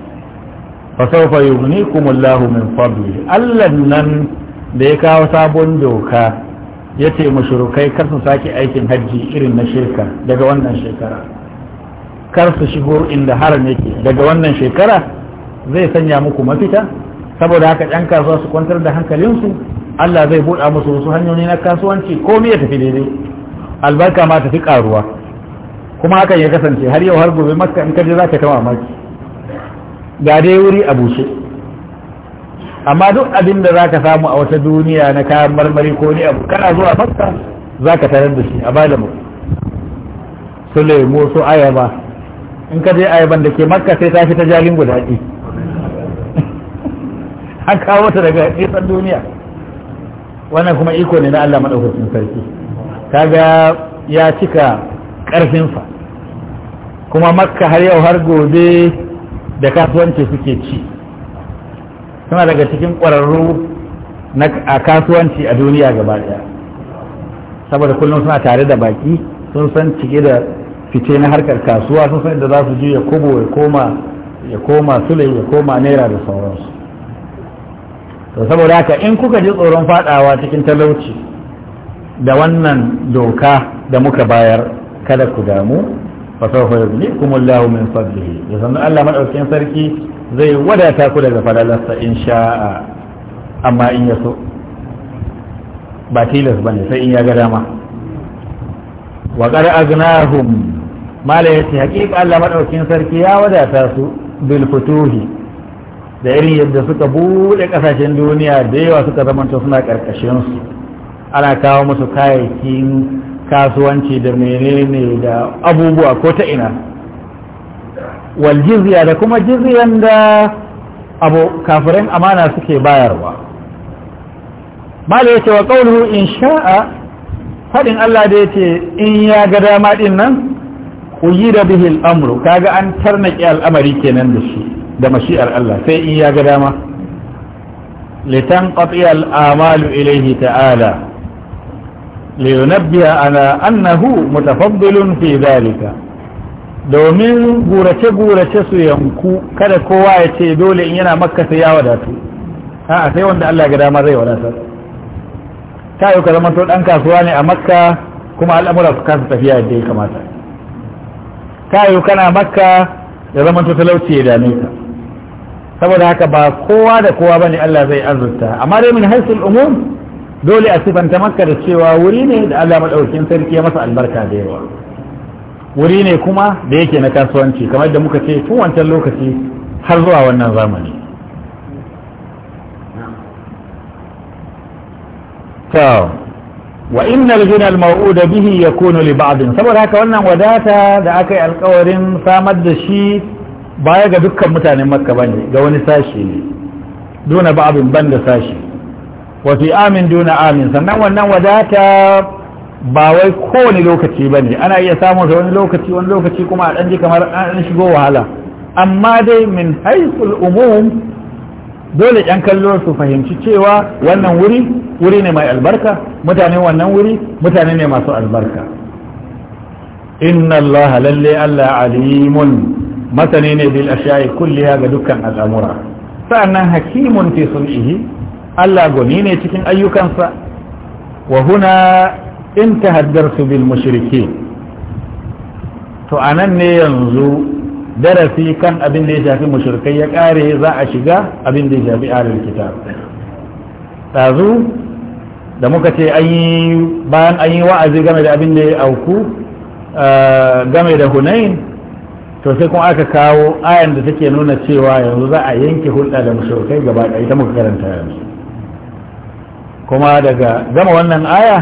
fa sawfa kuma Allahu min fadli Allah nan da ya kawo sabon doka ya ce mushrikai kar su sake aikin hajji irin na shirka daga wannan shekara kar su shigo inda haram yake daga wannan shekara zai sanya muku mafita saboda haka ɗan kasuwa su kwantar da hankalinsu Allah zai buɗa musu wasu hanyoyi na kasuwanci komai ya tafi daidai albarka ma tafi ƙaruwa. kuma hakan ya kasance har yau har gobe makka in kaje za ka ta mamaki ga dai wuri a bushe amma duk abin da zaka samu a wata duniya na kayan marmari ko ne abu kana zuwa makka zaka tarar da shi a mu. su lemo su ayaba in ka je ayaban da ke makka sai ta fi ta jalin gudaɗi an kawo wata daga nisan duniya wannan kuma iko ne na Allah maɗaukacin sarki kaga ya cika ƙarfinsa kuma makka har yau har gobe da kasuwanci suke ci suna daga cikin ƙwararru a kasuwanci a duniya gaba ɗaya saboda kullum suna tare da baki sun san cike da fice na harkar kasuwa sun san da za su ji ya kobo ya koma ya koma sule ya koma naira da sauransu to saboda haka in kuka ji tsoron fadawa cikin talauci da wannan doka da muka bayar kada ku damu fa sawfa yughnikum Allahu min fadlihi da sanan Allah madaukakin sarki zai wadata daga fadalarsa in sha'a amma in yaso ba tilas bane sai in ya ga dama wa qad aznahum mala yace haqiqa Allah madaukakin sarki ya wadata su bil da irin yadda suka buɗe ƙasashen duniya da yawa suka zamanta suna karkashin su ana kawo musu kayayyaki. kasuwanci da menene da abubuwa ko ta ina wal jizya da kuma jizyan da abu kafirin amana suke bayarwa mala yace wa qawluhu in sha'a fadin Allah da yace in ya ga dama din nan da bihi al-amru kaga an tarnaki al'amari kenan da shi da mashi'ar Allah sai in ya ga dama Litan al-amalu ilayhi ta'ala liyunabbiya ana annahu mutafaddilun fi zalika domin gurace-gurace su yanku kada kowa ya ce dole in yana makka sai ya wadatu a sai wanda Allah ga dama zai wadatar ta yi ka zama to ɗan kasuwa ne a makka kuma al'amura su kasa tafiya yadda ya kamata ta yi kana makka ya zama to talauci ya dame ka saboda haka ba kowa da kowa ba ne Allah zai azurta amma dai min haisul umum dole a sifanta makka da cewa wuri ne da Allah madaukakin sarki ya masa albarka da yawa wuri ne kuma da yake na kasuwanci kamar da muka ce tun wancan lokaci har zuwa wannan zamani Ta, wa innal ghina al maw'uda bihi yakunu li ba'd saboda haka wannan wadata da aka yi alƙawarin samar da shi baya ga dukkan mutanen makka bane ga wani sashi ne dona ba ban da sashi wafi amin duna amin sannan wannan wadata ba wai kowane lokaci ba ne ana iya samun wani lokaci wani lokaci kuma a ɗanji kamar an shigo wahala amma dai min haifar umum dole yan kallo su fahimci cewa wannan wuri wuri ne mai albarka mutane wannan wuri mutane ne masu albarka inna Allah lalle Allah alimun masani ne bil ashiya'i kulliya ga dukkan al'amura sa'annan hakimun fi sun'ihi Allah gwani ne cikin ayyukansa wa huna in haddarsu bil mushriki to anan ne yanzu darasi kan abin da ya shafi mushrikai ya kare za a shiga abin da ya shafi alil kitab tazu da muka ce an yi bayan an yi wa'azi game da abin da ya auku eh, game da hunain to sai kuma aka kawo ayan da take nuna cewa yanzu za a yanke hulɗa da mushrikai gaba ɗaya ita muka karanta yanzu kuma daga gama wannan aya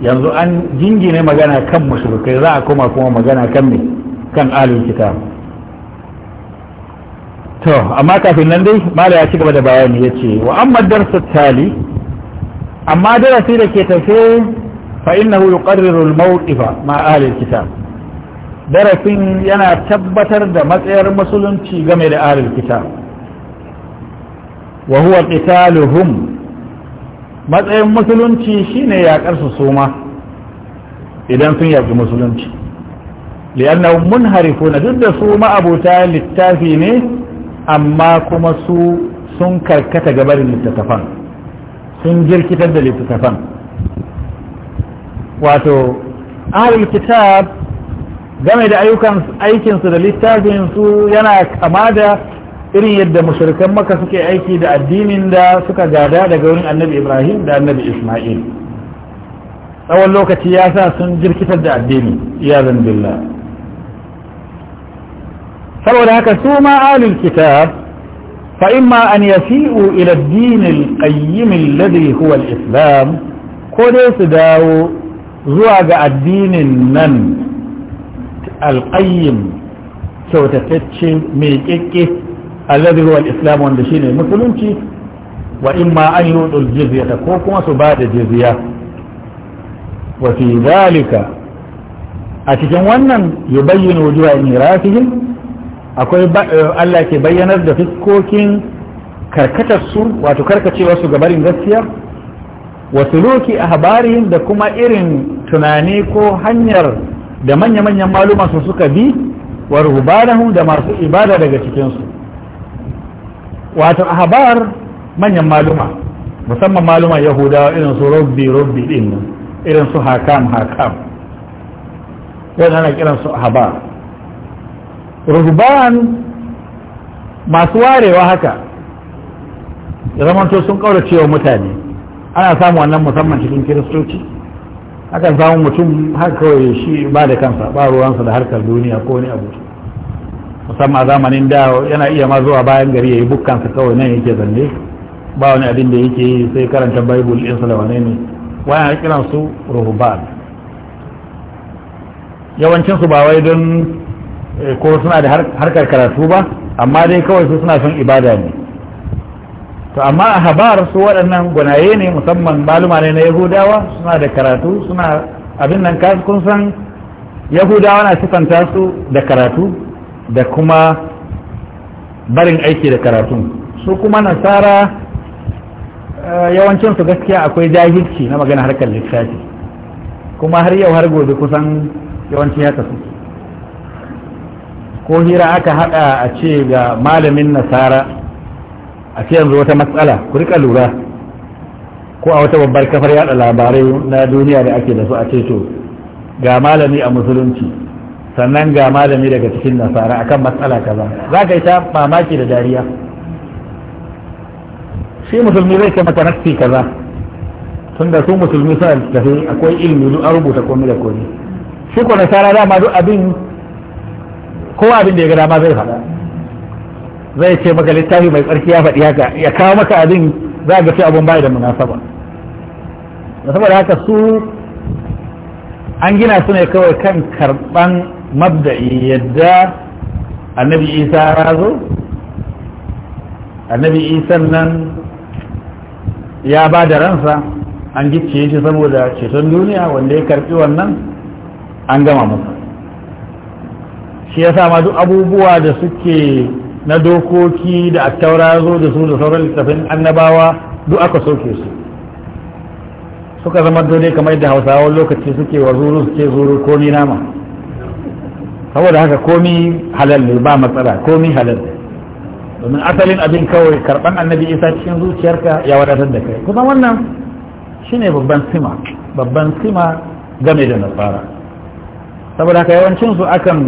yanzu an jingine magana kan mushrikai za a koma kuma magana kan ne kan alul kitab to amma kafin nan dai mala ya ci gaba da bayani ya ce wa amma darsu tali amma darasi da ke tafe fa innahu yuqarriru al-mawqifa ma alul kitab darasin yana tabbatar da matsayar musulunci game da alul kitab wa huwa qitaluhum matsayin musulunci shine yaƙar su suma idan sun yafi musulunci li'annahu munharifuna duk da su abuta littafi ne amma kuma su sun karkata gabarin littattafan sun jirkitar da littattafan wato ahlul kitab game da ayyukan aikinsu da littafin su yana kama da irin yadda mushrikan maka suke aiki da addinin da suka gada daga wurin annabi ibrahim da annabi isma'il tsawon lokaci ya sa sun jirkitar da addini iyazan billah saboda haka su ma kitab fa an yasi'u ila ad ƙayyimin al huwa islam ko dai su dawo zuwa ga addinin nan al kyautatacce mai ƙeƙe. alladhi huwa al-islam wanda shine musulunci wa imma an yudul jizyata ko kuma su bada jizya wa a cikin wannan yubayyinu wujuha akwai eh, Allah ke bayyanar da fikokin karkatar su wato karkacewar su gabarin gaskiya wa a habarin da kuma irin tunani ko hanyar da manya-manyan maluma su suka bi wa rubanahu da masu ibada daga cikinsu. wato ahbar manyan maluma musamman maluman yahudawa irin su rugby rugby din irin su hakam hakam yana ana kiran su ahbar ruhban masu warewa haka ya zamanto sun kaura cewa mutane ana samu wannan musamman cikin kiristoci akan samu mutum haka kawai shi ba da kansa ba ruwansa da harkar duniya ko wani abu musamman zamanin da yana iya ma zuwa bayan gari ya yi bukkansa kawai nan yake zanne ba wani abin da yake yi sai karanta bible ɗinsa da wane ne wani kiran su ruhuban yawancin ba wai don eh, ko suna da harkar karatu ba amma dai kawai su suna son ibada ne to amma a habar su waɗannan gwanaye ne musamman maluma ne na yahudawa suna da karatu suna abin nan kun san yahudawa na sifanta su da karatu da kuma barin aiki da karatu su kuma nasara eh, yawancinsu gaskiya akwai jahilci na magana harkar littafi kuma har yau har gobe kusan yawanci ya tafi ko hira aka haɗa a ce ga malamin nasara a ce yanzu wata matsala ku rika lura ko a wata babbar kafar yada labarai na duniya da ake da su a ce to ga malami a musulunci sannan ga malami daga cikin nasara akan matsala kaza za ka yi ta mamaki da dariya shi musulmi zai ce maka nafsi kaza tunda su musulmi suna tafi akwai ilmi duk an rubuta komai da komai shi ko nasara dama duk abin kowa abin da ya ga dama zai faɗa zai ce maka littafi mai tsarki ya faɗi haka ya kawo maka abin za ga ce abin bai da munasaba saboda haka su an gina su ne kawai kan karɓan mabda'i yadda annabi isa ya zo annabi Isa nan ya ba da ransa an gicciye shi saboda ceton duniya wanda ya karfi wannan an gama masa shi ya ma duk abubuwa da suke na dokoki da attaura zo da su da sauran littafin annabawa duk aka soke su suka zama dole kamar da hausawa lokaci suke wa zuru suke zuru ko ni nama saboda haka komi halal ne ba matsala komi halal ne domin asalin abin kawai karban annabi isa cikin zuciyarka ya wadatar da kai kusan wannan shine babban sima babban sima game da nasara saboda haka yawancin su akan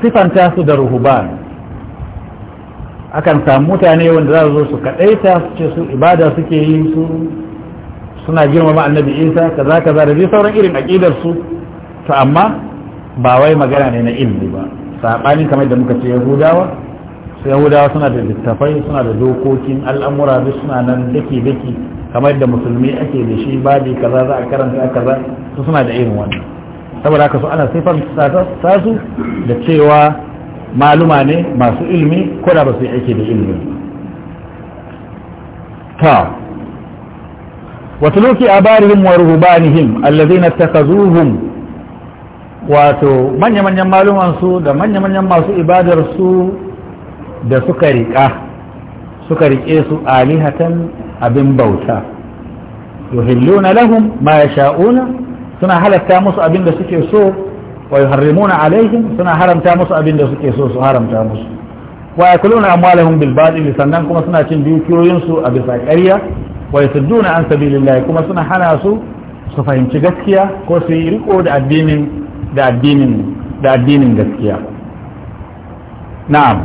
sifanta su da ruhuban akan samu mutane wanda za su zo su kaɗaita su ce su ibada suke yi su suna girmama annabi isa kaza kaza da dai sauran irin aƙidar su to amma ba wai magana ne na ilmi ba saɓani kamar da muka ce yahudawa sai yahudawa suna da littafai suna da dokokin al'amura duk suna nan daki daki kamar da musulmi ake da shi babi kaza za a karanta kaza su suna da irin wannan saboda haka su ana sifar tasu da cewa maluma ne masu ilmi ko da ba su yi aiki da ilmi ta وتلوك آبارهم ورهبانهم الذين اتخذوهم wato manya-manyan malumansu da manya-manyan masu ibadarsu da suka riƙa suka riƙe su alihatan abin bauta yuhilluna lahum ma yasha'una suna halatta musu abin da suke so wa yuharrimuna alaihim suna haramta musu abin da suke so su haramta musu wa yakuluna amwalahum bil batil sannan kuma suna cin dukiyoyin su a bisa ƙarya wa yasudduna an sabilillah kuma suna hana su su fahimci gaskiya ko su yi riko da addinin da addinin da addinin gaskiya na'am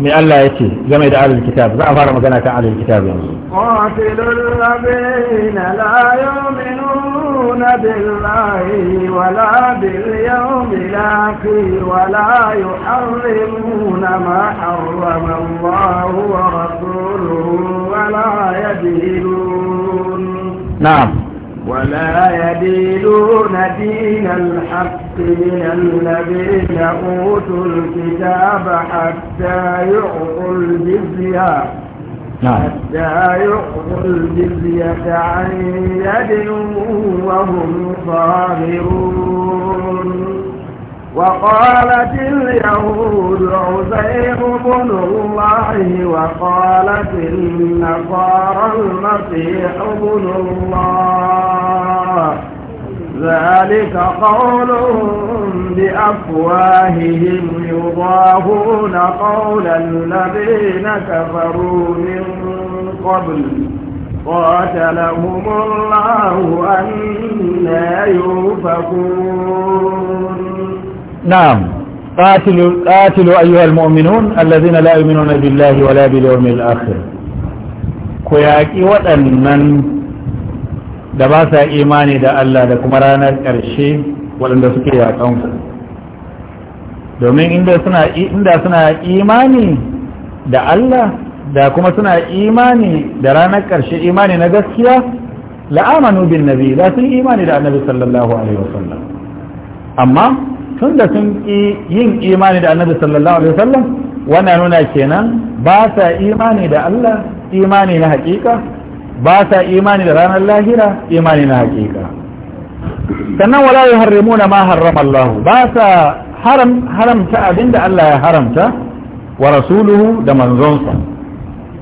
me Allah ya ce game da alil kitab za a fara magana kan alil kitab yanzu qatilul ladina la yu'minuna billahi wala bil yawmil akhir wala yuharrimuna ma harrama Allah wa rasuluhu wala yadhilun na'am ولا يدينون دين الحق من الذين أوتوا الكتاب حتى يعطوا الجزية نعم. حتى يعطوا الجزية عن يد وهم صاغرون وقالت اليهود عزيز بن الله وقالت النصارى المسيح بن الله ذلك قولهم بأفواههم يضاهون قول الذين كفروا من قبل قاتلهم الله لا يوفكون نعم قاتلوا, قاتلوا أيها المؤمنون الذين لا يؤمنون بالله ولا باليوم الآخر كياكي وأنن دباسا imani da Allah da kuma ranar ƙarshe waɗanda suke yaƙansu domin inda suna imani da Allah da kuma suna imani da ranar ƙarshe imani na gaskiya la'amanu bin nabi za su imani da annabi sallallahu alaihi wasallam amma tun da sun ƙi yin imani da annabi sallallahu alaihi wasallam wannan nuna kenan ba sa imani da Allah imani na hakika ba sa imani da ranar lahira imani na hakika sannan wala na ma harrama Allah ba sa haram haramta abinda Allah ya haramta wa rasuluhu da manzonsa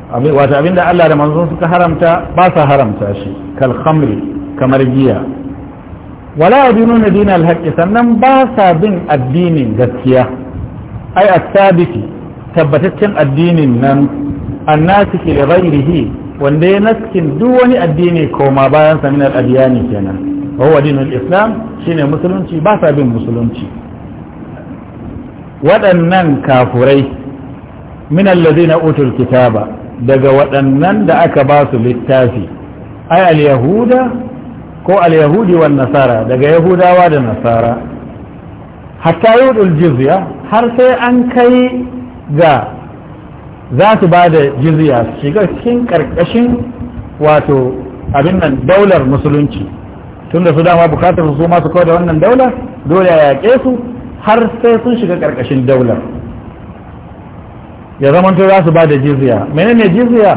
Wata abinda Allah da manzon suka haramta ba sa haramta shi kal khamri kamar giya wala yadinuna dinal haqqi sannan ba sa bin addinin gaskiya ai asabiti tabbataccen addinin nan annasiki li ghairihi wanda ya naskin duk wani addini koma bayan sa min adyani kenan wa huwa islam shine musulunci ba sa bin musulunci waɗannan kafurai min na utul kitaba daga waɗannan da aka ba su littafi ai al-yahuda ko al-yahudi wan nasara daga yahudawa da nasara hatta yudul jizya har sai an kai ga za su ba da jizya shiga cikin karkashin wato abin nan daular musulunci tun da su dama bukatar su masu kawai da wannan daular dole a su har sai sun shiga karkashin daular ya zamanto za su ba da jizya menene jizya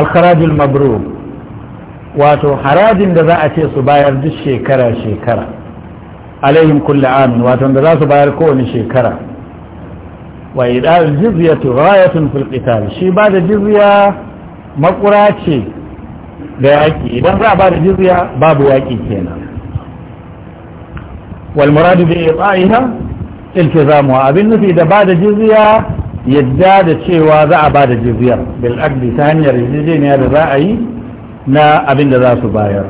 al-kharajul mabrur wato harajin da za a ce su bayar duk shekara shekara alaihim kulli amin wato da za su bayar kowane shekara wa idal jizyatu ghayatun fil qital shi ba da jizya makura ce da yaki idan za a ba da jizya babu yaki kenan wal muradu bi iqaiha iltizamu abin nufi da ba da jizya yadda da cewa za a ba da jizyar bil aqdi ta hanyar jizya ne da za a yi na abin da za su bayar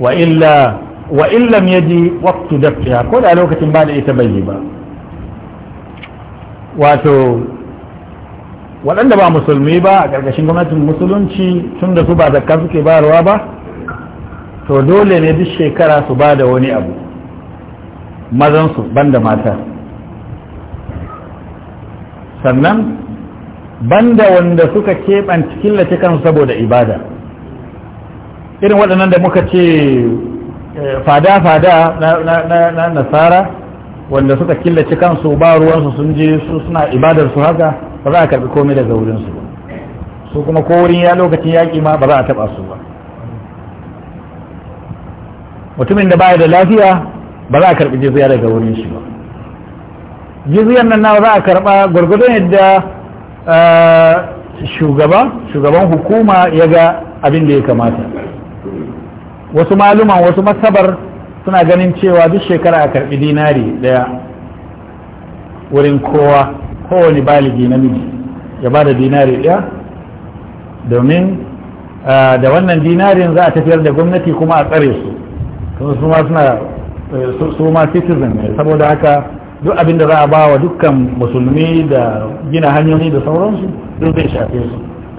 wa illa wa illam yaji waqtu dafiya ko da lokacin ba da ita bayyi yi ba wato waɗanda ba musulmi ba a ƙarƙashin gwamnatin musulunci tun da su ba zakka suke bayarwa ba to dole ne duk shekara su ba da wani abu mazansu banda mata sannan banda wanda suka keɓanci killace kansu saboda ibada irin waɗannan da muka ce eh, fada-fada na nasara wanda suka killace kansu ba ruwansu sun je su suna ibadar su haka ba za a karbi komai daga wurinsu ba su kuma ko wurin ya lokacin yaƙi ma ba za a taɓa su ba mutumin da baya da lafiya ba za a karbi jizya daga wurin shi ba jizyar nan nawa za a karɓa gwargwadon yadda eh, shugaba shugaban hukuma ya ga abin da ya kamata wasu maluman wasu masabar suna ganin cewa duk shekara a karbi dinari daya wurin kowa kowane baligi namiji ya ba da dinari daya domin da wannan dinarin za a tafiyar da gwamnati kuma a tsare su su ma suna su citizen ne saboda haka duk abin da za a ba wa dukkan musulmi da gina hanyoyi da sauransu duk zai shafe su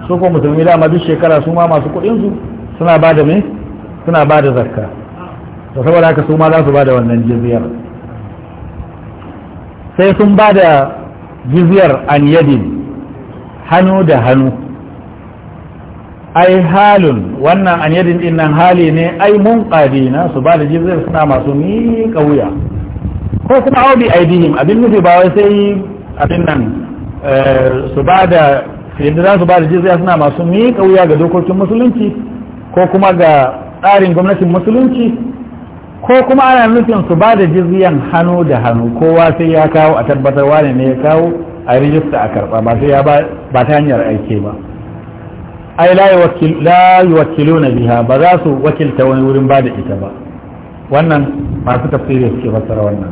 su kuma musulmi dama duk shekara su ma masu kuɗinsu suna ba da mai suna ba da zakka da saboda haka su ma za su ba da wannan jizyar sai sun ba da jizyar an yadin hannu da hannu ai halun wannan an yadin din nan hali ne ai mun na su ba da jizyar suna masu miƙa wuya ko kuma aubi aidihim abin nufi ba wai sai abin nan eh, su ba da yadda za su ba da jizya suna masu miƙa wuya ga dokokin musulunci ko kuma ga tsarin gwamnatin musulunci ko kuma ana nufin su ba da jizyan hannu da hannu kowa sai ya kawo a tabbatar wane ne ya kawo a rijista a karɓa ba sai ya ba ta hanyar aike ba ai la wakilu na biha ba za su wakilta wani wurin ba da ita ba wannan masu tafsiri suke fassara wannan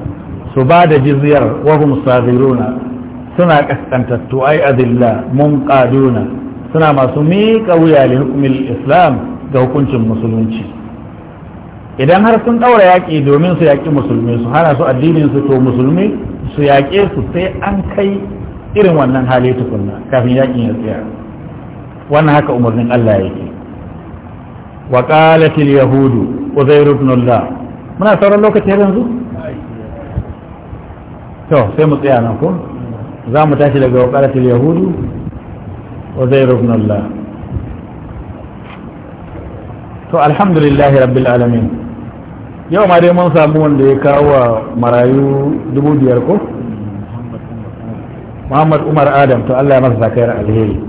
su ba da jizyar wahum sadiruna suna kaskantattu ai azilla munqaduna suna masu miƙa wuya li islam ga hukuncin musulunci idan har sun ɗaura yaƙi domin su yaƙi musulmi su hana su addinin su to musulmi su yaƙe su sai an kai irin wannan hali tukunna kafin yaƙin ya tsaya wannan haka umarnin Allah yake wa qalatil yahudu uzairu ibn Allah muna sauran lokaci yanzu to sai mu tsaya nan ko za mu tashi daga wa qalatil yahudu uzairu ibn Allah to alhamdulillah rabbil alamin yau ma dai mun samu wanda ya kawo wa marayu dubu biyar ko muhammad umar adam to allah ya masa sakayar alheri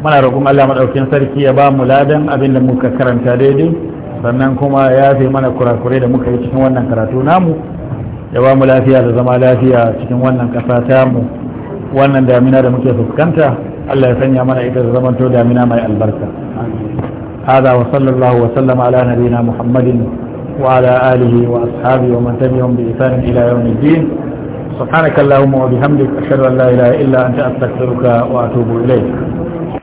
muna roƙon allah maɗaukin sarki ya ba mu ladan abin da muka karanta daidai sannan kuma ya fi mana kurakurai da muka yi cikin wannan karatu namu ya ba mu lafiya da zama lafiya cikin wannan ƙasa tamu wannan damina da muke fuskanta Allah ya sanya mana ita da zamanto damina mai albarka hada wa sallallahu wa sallama ala nabiyina muhammadin wa ala alihi wa ashabihi wa man tabi'ahum bi ihsan ila yawm al-din subhanaka wa bihamdika ashhadu an la ilaha illa anta astaghfiruka wa atubu ilayk